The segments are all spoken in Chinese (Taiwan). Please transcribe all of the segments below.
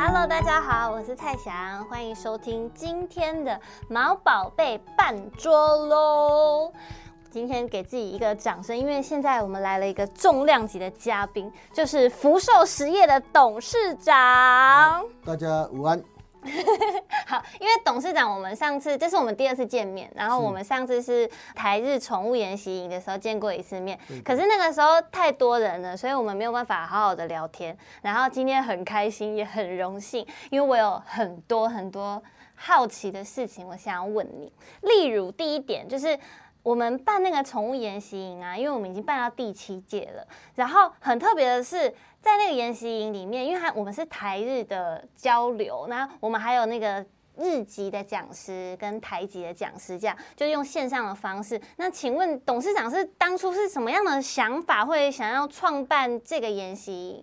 Hello，大家好，我是蔡翔，歡迎收聽今天的毛寶貝辦桌嘍。今天給自己一個掌聲，因為現在我們來了一個重量級的嘉賓，就是福壽實業的董事長。大家午安。 好，因為董事長，我們上次這是我們第二次見面，然後我們上次是台日寵物研習營的時候見過一次面，是，可是那個時候太多人了，所以我們沒有辦法好好的聊天。然後今天很開心，也很榮幸，因為我有很多很多好奇的事情，我想要問你，例如第一點就是。我們辦那個寵物研習營啊，因為我們已經辦到第七屆了。然後很特別的是，在那個研習營裡面，因為我們是台日的交流，那我們還有那個日籍的講師跟台籍的講師，這樣就用線上的方式。那請問董事長是當初是什麼樣的想法，會想要創辦這個研習營？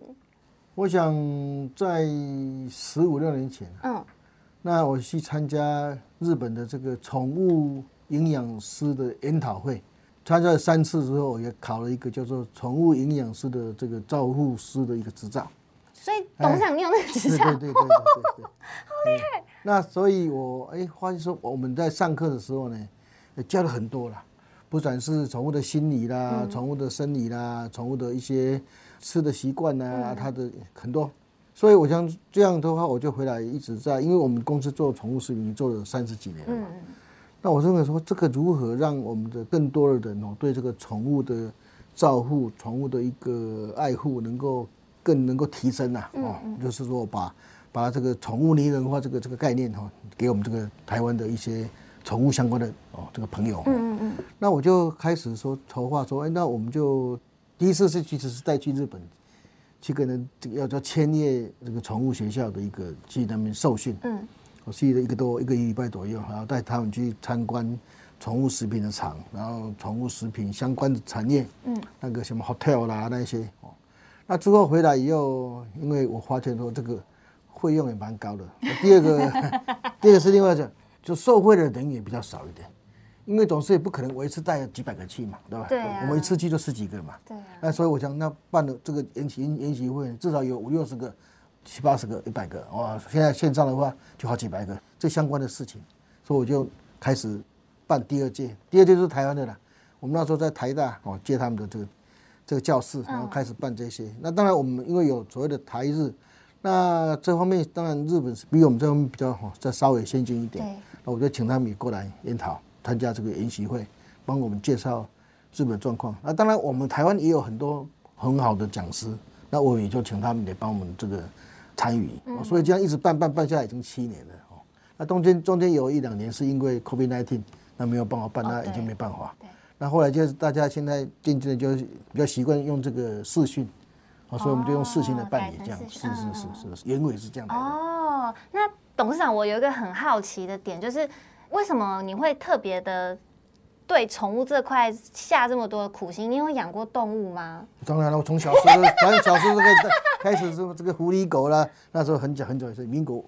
我想在十五六年前啊，嗯，那我去參加日本的這個寵物，營養師的研討會，參加了三次之後，我也考了一個叫做寵物營養師的這個照護師的一個執照。所以董事長沒有那個執照？哎，對對對，對，對，對，對，對，好厲害。嗯、那所以我，我哎，話說我們在上課的時候呢，也教了很多啦，不管是寵物的心理啦、嗯、寵物的生理啦、寵物的一些吃的習慣啦、啊，嗯、它的很多。所以，我想這樣的話，我就回來一直在，因為我們公司做寵物食品做了三十幾年了嘛。嗯那我認為說，這個如何讓我們的更多的人哦，對這個寵物的照護、寵物的一個愛護，能夠更能夠提升吶、啊？哦，嗯嗯、就是說把把這個寵物擬人化這個這個概念哈、哦，給我們這個台灣的一些寵物相關的哦這個朋友。嗯嗯，嗯。那我就開始說籌劃說，哎，那我們就第一次是其實是帶去日本，去跟人這個要叫千葉這個寵物學校的一個去那邊受訓。嗯。我去了一個多一個禮拜左右，然後帶他們去參觀寵物食品的廠，然後寵物食品相關的產業，嗯，那個什麼 hotel 啦，那些，那之後回來以後，因為我發現說這個費用也蠻高的。第二個， 第二個是另外講，就受惠的人也比較少一點，因為董事也不可能我一次帶幾百個去嘛，對吧？對啊，我們一次去就十幾個嘛，對，那所以我想，那辦的這個研習研習會至少有五六十個。七八十個、一百個哇、哦！現在線上的話就好幾百個，這相關的事情，所以我就開始辦第二屆，第二屆是台灣的啦。我們那時候在台大哦，借他們的這個這個教室，然後開始辦這些。哦、那當然我們因為有所謂的台日，那這方面當然日本是比我們這方面比較好、哦，再稍微先進一點。對那我就請他們也過來研討，參加這個研習會，幫我們介紹日本狀況。那、啊、當然我們台灣也有很多很好的講師，那我也就請他們也幫我們這個。參與，所以這樣一直辦辦辦下來已經七年了。那中間中間有一兩年是因為 COVID-19，那沒有辦法辦，那已經沒辦法。那、哦、後來就是大家現在漸漸的就比較習慣用這個視訊，好、哦，所以我們就用視訊來辦理，哦、這樣、嗯、是是是是，是，是，原委是這樣的。哦，那董事長，我有一個很好奇的點，就是為什麼你會特別的？對寵物這塊下這麼多的苦心，你有養過動物嗎？當然了，我從小時候，反正小時候這個開始是 這個狐狸狗啦，那時候很久很久以前，哦，民國，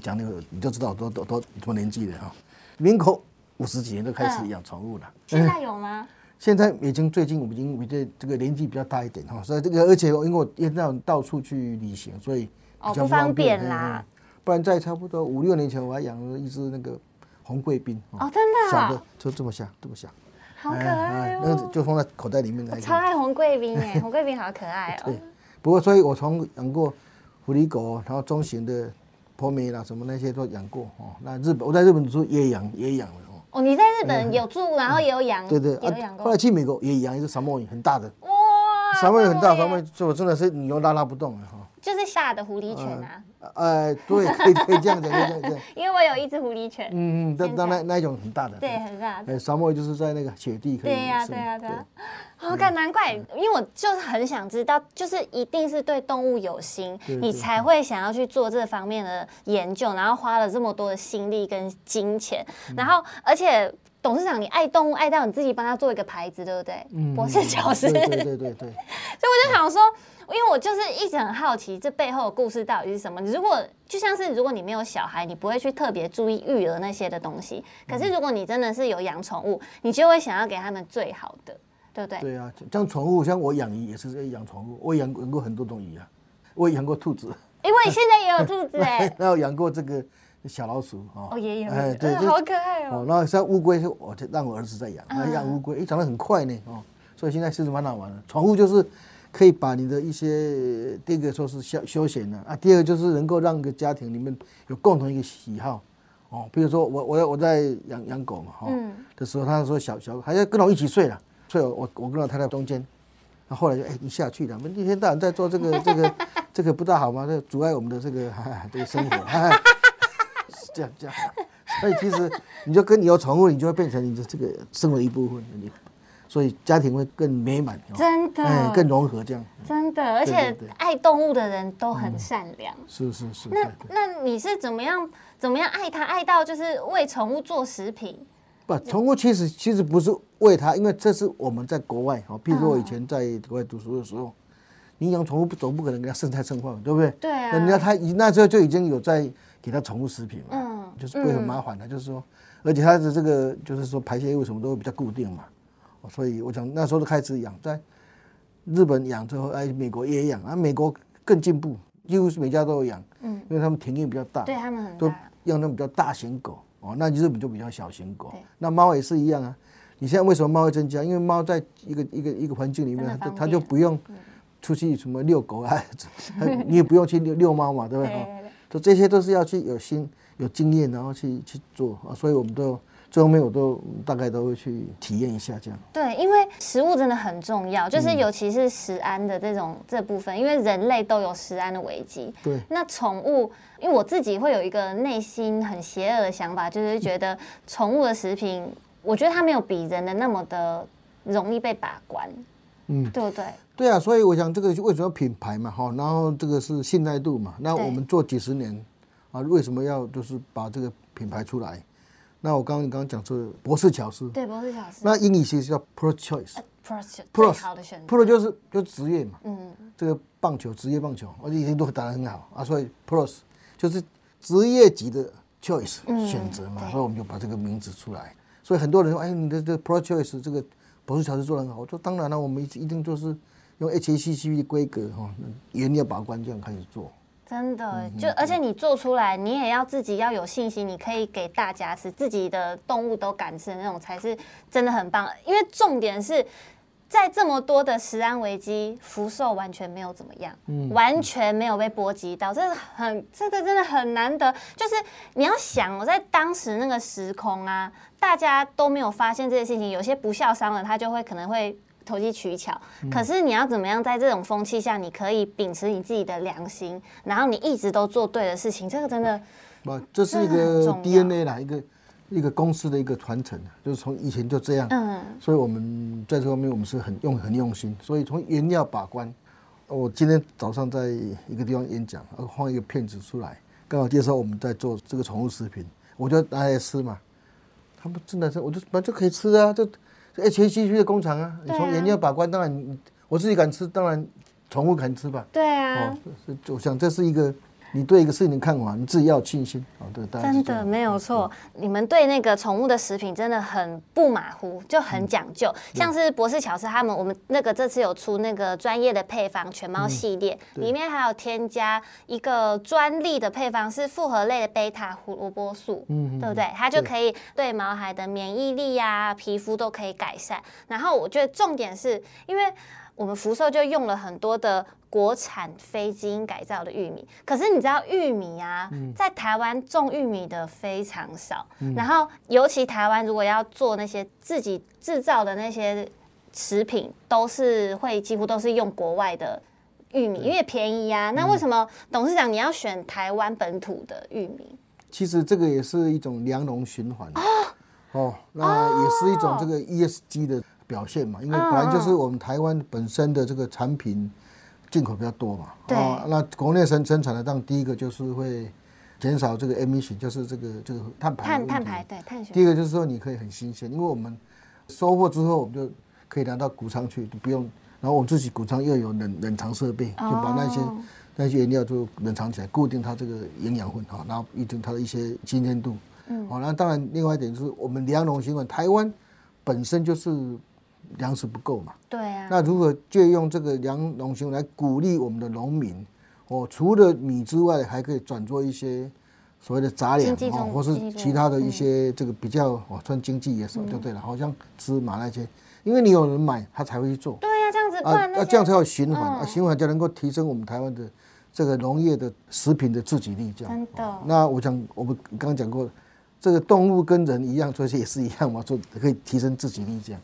講那個你就知道多多多什麼年紀的哈，民國五十幾年都開始養寵、嗯、物了。現在有嗎？嗯、現在已經最近，我已經比這這個年紀比較大一點哈，哦，所以這個而且因為我要到處去旅行，所以比較不方便、哦、不方便啦、嗯。不然在差不多五六年前，我還養了一隻那個。紅貴賓哦，oh, 真的、喔、小的，就這麼小，這麼小，好可愛，那個就放在口袋裡面，超愛紅貴賓耶，紅貴賓好可愛、喔。對，不過所以，我從養過狐狸狗，然後中型的博美啦，什麼那些都養過哦。那日本我在日本也住也養也養了哦。哦，你在日本有住，嗯、然後也有養，對，對對，也養過、啊。後來去美國也養一只薩摩耶，很大的。沙漠，很大，薩摩耶，就真的是你又拉拉不動了哈。就是下的狐狸犬啊呃。呃，對，可以，可以這樣講， 因為我有一只狐狸犬。嗯嗯，才但那那那一種很大的。對，很大。呃，薩摩、欸、就是在那個雪地可以對、啊。對呀、啊，對呀、啊，對呀。好、嗯，感、喔、難怪，因為我就很想知道，就是一定是對動物有心，對對對，你才會想要去做這方面的研究，然後花了這麼多的心力跟金錢，嗯、然後而且。董事長，你愛動物愛到你自己幫他做一個牌子，對不對？嗯，博士教師。對對對對，對。 所以我就想說，因為我就是一直很好奇這背後的故事到底是什麼。你如果就像是如果你沒有小孩，你不會去特別注意育兒那些的東西。可是如果你真的是有養寵物，你就會想要給他們最好的，對不對？對啊，像寵物，像我養魚也是在養寵物。我養養過很多種魚啊，我也養過兔子，因為你現在也有兔子哎、欸。然後我養過這個。小老鼠哦，也有，有哎，對就、哦，好可愛哦。哦然後像烏龜，我、哦、讓我兒子在養，養烏龜，哎、嗯欸，長得很快呢哦。所以現在確實蠻好玩的。寵物就是可以把你的一些，第一個說是休休閒的啊，第二個就是能夠讓個家庭裡面有共同一個喜好哦。比如說我我我在養養狗嘛哈，哦嗯、的時候他說小小還要跟我一起睡了，睡我我我跟老太太中間，那、啊、後來就哎你下去了，我們一天到晚在做這個 這個這個不大好嗎？這阻礙我們的這個、哎、這個生活。哎 這樣這樣， 所以其實你就跟你有寵物，你就會變成你的這個生活一部分。你，所以家庭會更美滿、哦，真的，嗯、更融合。這樣，嗯、真的，而且對對對愛動物的人都很善良。嗯、是是是。那對對對，那你是怎麼樣怎麼樣愛它？愛到就是為寵物做食品。不，寵物其實其實不是為它，因為這是我們在國外、哦、譬如說我以前在國外讀書的時候，你養寵物總不可能給它剩菜剩飯，對不對？對啊。人家他，那時候就已經有在給它寵物食品了。就是不會很麻煩的，就是說，而且它的這個就是說排泄物什麼都會比較固定嘛，所以我從那時候就開始養，在日本養之後，哎，美國也養啊，美國更進步，幾乎是每家都有養，嗯，因為他們庭院比較大，對他們很多，用那種比較大型狗哦，那日本就比較小型狗，那貓也是一樣啊。你現在為什麼貓會增加？因為貓在一個一個一個環境裡面，它就它就不用出去什麼遛狗啊，你也不用去遛遛貓嘛，對不對？哦，所以這些都是要去有心，有經驗，然後去去做啊，所以我們都最後面我都我大概都會去體驗一下這樣、嗯。對，因為食物真的很重要，就是尤其是食安的這種這部分，因為人類都有食安的危機。對。那寵物，因為我自己會有一個內心很邪惡的想法，就是覺得寵物的食品，我覺得它沒有比人的那麼的容易被把關。嗯。對不對？對啊，所以我想這個就為什麼品牌嘛？哈，然後這個是信賴度嘛？那我們做幾十年。啊，為什麼要就是把這個品牌出來？那我剛剛你剛剛講說的博士喬斯，對博士喬斯，那英語其實叫 Pro Choice，Pro Pro 最好的選擇，Pro 就是就職、是、業嘛，嗯，這個棒球職業棒球，而、啊、且一定都打得很好啊，所以 Pro 就是職業級的 Choice 選擇嘛，嗯、所以我們就把這個名字出來。對所以很多人說，哎，你的這 Pro Choice 這個博士喬斯做得很好，我說當然了、啊，我們一一定就是用 HACCP 的規格哈，嚴、哦、嚴把關這樣開始做。真的，就而且你做出來，你也要自己要有信心，你可以給大家吃，自己的動物都敢吃的那種，才是真的很棒的。因為重點是在這麼多的食安危機，福壽完全沒有怎麼樣，嗯、完全沒有被波及到，這是很，這個真的很難得。就是你要想，我在當時那個時空啊，大家都沒有發現這些事情，有些不肖商人，他就會可能會。投機取巧，可是你要怎麼樣？在這種風氣下，你可以秉持你自己的良心，然後你一直都做對的事情，這個真的，嗯，這是一個 DNA 啦，一個一個公司的一個傳承，就是從以前就這樣。嗯，所以我們在這方面我們是很用很用心，所以從原料把關。我今天早上在一個地方演講，呃，放一個片子出來，剛好介紹我們在做這個寵物食品，我就拿來吃嘛，他們真的是，我就本來就可以吃啊，就。HACCP 的工廠啊，你從原料把關，當然，我自己敢吃，當然寵物肯吃吧。對啊、哦，我想這是一個。你對一個事情看完，你自己要有信心。好的，大真的沒有錯。嗯、你們對那個寵物的食品真的很不馬虎，就很講究。嗯、像是博士巧思他們，我們那個這次有出那個專業的配方全貓系列，嗯、裡面還有添加一個專利的配方，是複合類的貝塔胡蘿蔔素，嗯，對不對？它就可以對毛孩的免疫力啊、皮膚都可以改善。然後我覺得重點是因為我們福壽就用了很多的。國產非基因改造的玉米，可是你知道玉米啊，嗯、在台灣種玉米的非常少，嗯、然後尤其台灣如果要做那些自己制造的那些食品，都是會幾乎都是用國外的玉米，對因為便宜啊。嗯、那為什麼董事長你要選台灣本土的玉米？其實這個也是一種糧農循環哦，哦，那也是一種這個 ESG 的表現嘛，哦、因為本來就是我們台灣本身的這個產品。進口比較多嘛，對哦、那國內生生產的，當然第一個就是會減少這個 emission，就是這個這個碳排的問題碳。碳排對，碳。第一個就是說你可以很新鮮，因為我們收穫之後，我們就可以拿到穀倉去，就不用。然後我們自己穀倉又有冷冷藏設備，就把那些、哦、那些原料就冷藏起來，固定它這個營養分哈、哦，然後一定它的一些新鮮度。好、嗯，那、哦、當然另外一點就是我們糧農循環，台灣本身就是。糧食不夠嘛？對啊。那如果借用這個糧農行來鼓勵我們的農民，哦，除了米之外，還可以轉做一些所謂的雜糧哦，或是其他的一些這個比較、嗯、哦，算經濟也什就對了？嗯、好像芝麻那些，因為你有人買，他才會去做。對呀、啊，這樣子啊，那、啊、這樣才有循環、哦、啊，循環就能夠提升我們台灣的這個農業的食品的自給率這樣。真的。哦、那我想，我們剛剛講過，這個動物跟人一樣，這些也是一樣嘛，做可以提升自給率這樣。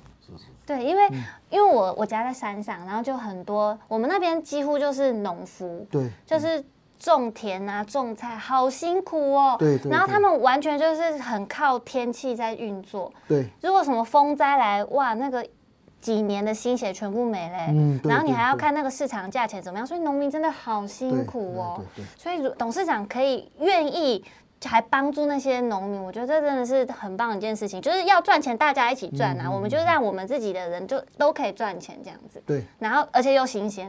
對，因為、嗯、因為我我家在山上，然後就很多我們那邊幾乎就是農夫，對，就是種田啊、種菜，好辛苦哦。對對。對，然後他們完全就是很靠天氣在運作。對。如果什麼風災來，哇，那個幾年的心血全部沒了。嗯、然後你還要看那個市場價錢怎麼樣，所以農民真的好辛苦哦。對對。對對對，所以董事長可以願意。還幫助那些農民，我覺得這真的是很棒的一件事情，就是要賺錢，大家一起賺啊！嗯嗯嗯、我們就讓我們自己的人就都可以賺錢這樣子，對。然後而且又新鮮。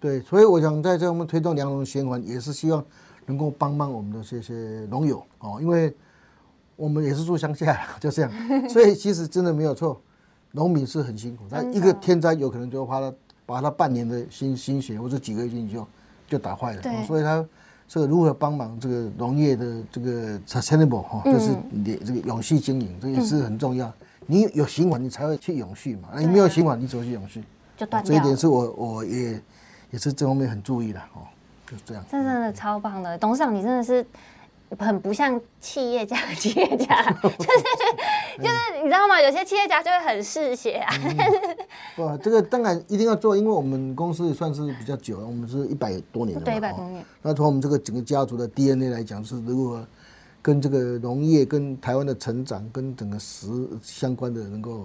對，所以我想在這我們推動糧農循環，也是希望能夠幫幫我們的這些農友哦，因為我們也是住鄉下，就這樣。所以其實真的沒有錯，農民是很辛苦，他一個天災有可能就花了，把他半年的心心血或者幾個月勁就就打壞了、嗯，對。所以他這個如何幫忙這個農業的這個 sustainable 哈、嗯哦，就是這個永續經營，這也是很重要。嗯、你有循環，你才會去永續嘛。你了沒有循環，你只會去永續就斷掉、哦。這一點是我我也也是這方面很注意的哦。就這樣，這真的超棒的，嗯、董事長，你真的是很不像企業家，企業家就是 就是你知道嗎？有些企業家就會很嗜血啊。嗯 不，這個當然一定要做，因為我們公司也算是比較久了，我們是一百多年了對，一百多年、哦。那從我們這個整個家族的 DNA 來講，是如何跟這個農業、跟台灣的成長、跟整個食相關的，能夠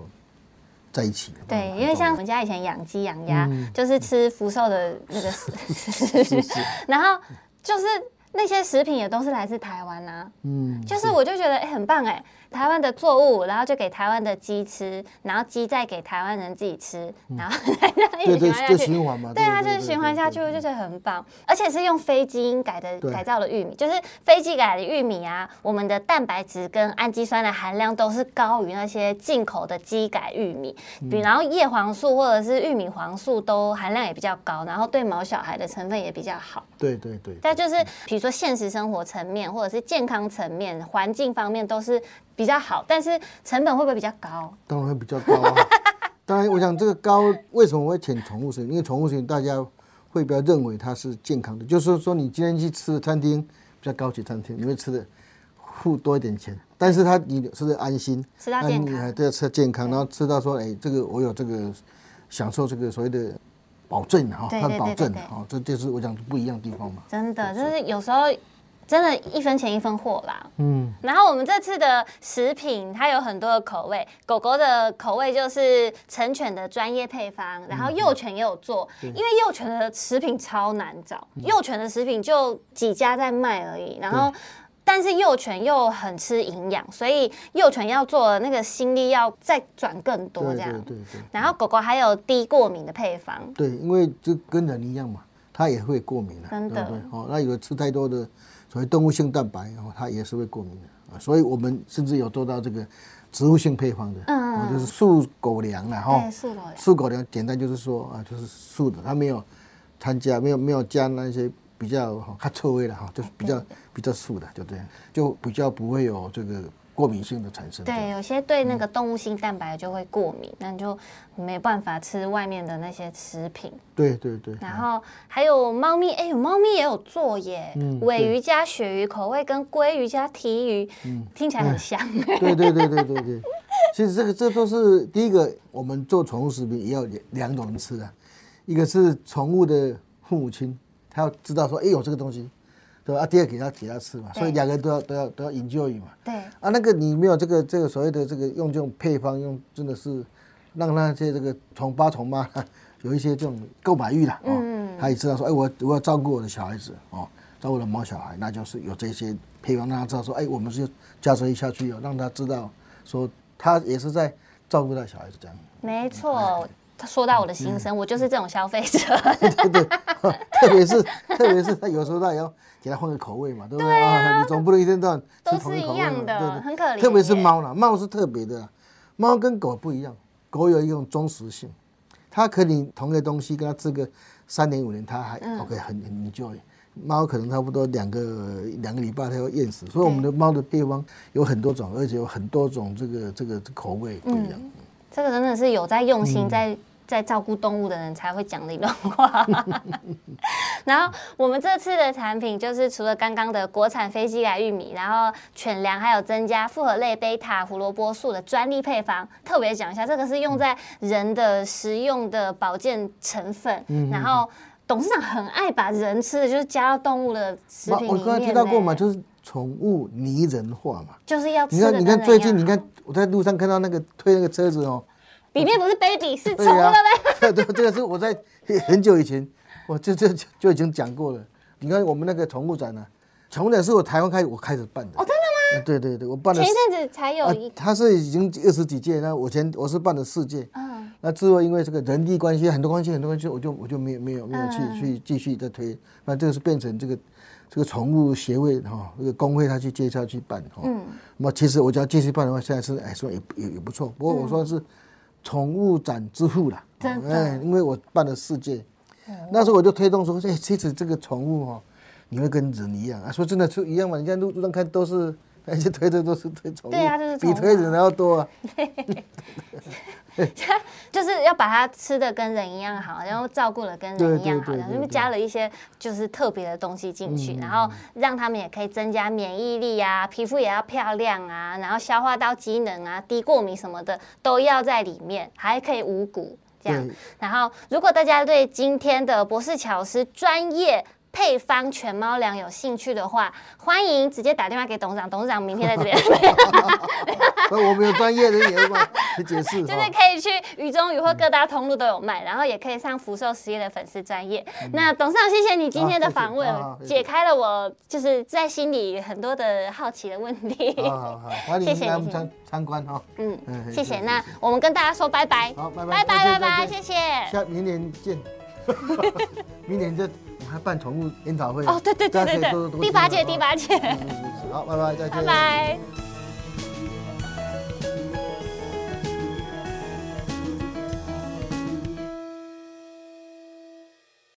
在一起。對，因為像我們家以前養雞養鴨，嗯、就是吃福壽的那個食，然後就是那些食品也都是來自台灣啊。嗯，就是我就覺得是、欸、很棒哎、欸。台灣的作物，然後就給台灣的雞吃，然後雞再給台灣人自己吃，嗯、然後這樣循環下去。對它、啊、就是循環下去就是很棒，而且是用非基因改的對改造的玉米，就是非基因改的玉米啊。我們的蛋白質跟氨基酸的含量都是高於那些進口的基改玉米，嗯、比然後葉黃素或者是玉米黃素都含量也比較高，然後對毛小孩的成分也比較好。對，對對對。但就是比如說現實生活層面，或者是健康層面、環境方面都是。比較好，但是成本會不會比較高？當然會比較高啊！ 當然，我想這個高為什麼會選寵物食品？因為寵物食品大家會比較認為它是健康的，就是說你今天去吃的餐廳比較高級餐廳，你會吃的付多一點錢，但是它你吃的安心，那你健康，慮對，吃健康，然後吃到說，哎、欸，這個我有這個享受這個所謂的保證啊，它保證啊，這就是我想不一樣的地方嘛。真的，對就是有時候。真的，一分錢一分貨啦。嗯，然後我們這次的食品它有很多的口味，狗狗的口味就是成犬的專業配方，然後幼犬也有做，因為幼犬的食品超難找，幼犬的食品就幾家在賣而已。然後，但是幼犬又很吃營養，所以幼犬要做的那個心力要再轉更多這樣。對對。然後狗狗還有低過敏的配方。對，因為就跟人一樣嘛，它也會過敏了，真的。哦，那如果吃太多的。所以動物性蛋白，然、哦、後它也是會過敏的啊，所以我們甚至有做到這個植物性配方的，嗯、哦、就是素狗糧了哈，對哦、素狗糧，簡單就是說啊，就是素的，它沒有添加，沒有沒有加那些比較哈臭味的哈、哦，就是比較對比較素的，就這樣，就比較不會有這個。過敏性的產生，對，有些對那個動物性蛋白就會過敏，那、嗯、你就沒辦法吃外面的那些食品。對對對。然後還有貓咪，哎呦、嗯，貓、欸、咪也有做耶，鮪、嗯、魚加鱈魚口味，跟鮭魚加提魚，嗯、聽起來很香。對、嗯、對對對對對。 其實這個這都是第一個，我們做寵物食品也有兩種人吃啊，一個是寵物的父母親，他要知道說，哎、欸、呦，有這個東西。啊，爹給他給他吃嘛，對所以兩個人都要都要都要 enjoy 嘛。對啊，那個你沒有這個這個所謂的這個用這種配方，用真的是讓那些這個從爸從媽有一些這種購買欲了、哦、嗯，他也知道說，哎、欸，我我要照顧我的小孩子哦，照顧我的毛小孩，那就是有這些配方讓他知道說，哎、欸，我們是加深一下去、哦，讓他知道說他也是在照顧到小孩子這樣。沒錯錯。嗯說到我的心聲，嗯、我就是這種消費者，對對，對、 哦，特別是特別是他有時候他也要給他換個口味嘛，對不對？對啊啊、你總不能一天到晚，都是一樣的，對對，很可憐。特別是貓啦，貓是特別的，貓跟狗不一樣，狗有一種忠實性，它可能同一個東西跟它吃個三年五年，它還、嗯、OK 很很久。貓可能差不多兩個兩個禮拜它要厭食，所以我們的貓的配方有很多種，而且有很多種這個這個口味不一樣、嗯。這個真的是有在用心在。嗯在照顧動物的人才會講那段話。 然後我們這次的產品就是除了剛剛的國產非基改玉米，然後犬糧還有增加複合類貝塔胡蘿蔔素的專利配方，特別講一下，這個是用在人的食用的保健成分。嗯、哼哼然後董事長很愛把人吃的，就是加到動物的食品裡面。我剛才提到過嘛，欸、就是寵物擬人化嘛，就是要吃的你看你看最近你看我在路上看到那個推那個車子哦。裡面不是 baby、哦、是寵物嘞，對對，這個是我在很久以前，我就就就，就已經講過了。你看我們那個寵物展呢、啊，寵物展是我台灣開始我開始辦的。哦，真的嗎？啊？對對對，我辦了前陣子才有一、啊，他是已經二十幾屆，那我前我是辦了四屆。嗯，那之後因為這個人際關係很多關係很多關係，我就我就沒有沒有沒有去、嗯、去繼續再推。那這個是變成這個這個寵物協會哈、哦，一個工會，他去接下去辦。哦、嗯，那麼其實我就要繼續辦的話，現在是哎說也也也不錯。不過我說的是。嗯寵物展之父啦的、哦，哎，因為我辦了四屆，對那時候我就推動說，哎，其實這個寵物哦，你會跟人一樣啊，說真的是一樣嘛。你像路上看都是，那些推的都是推寵物，啊就是、比推人還要多啊。就是要把它吃的跟人一樣好，然後照顧的跟人一樣好，然後加了一些就是特別的東西進去，嗯、然後讓他們也可以增加免疫力啊，皮膚也要漂亮啊，然後消化道機能啊，低過敏什麼的都要在裡面，還可以五穀這樣。對然後，如果大家對今天的博士巧師專業。配方全貓糧有興趣的話，歡迎直接打電話給董事長，董事長明天在這邊我們有專業的人員可以解釋。就是可以去雨中雨或各大通路都有賣，然後也可以上福壽實業的粉絲專頁。那董事長，謝謝你今天的訪問，解開了我就是在心裡很多的好奇的問題。好好好，歡迎你來參參觀哦。嗯，謝謝。那我們跟大家說拜拜。好，拜拜。拜拜拜拜拜謝謝。下明年見。明年再。還辦寵物研討會哦，對對對對對，第八屆第八屆，好，拜拜，再見，拜拜。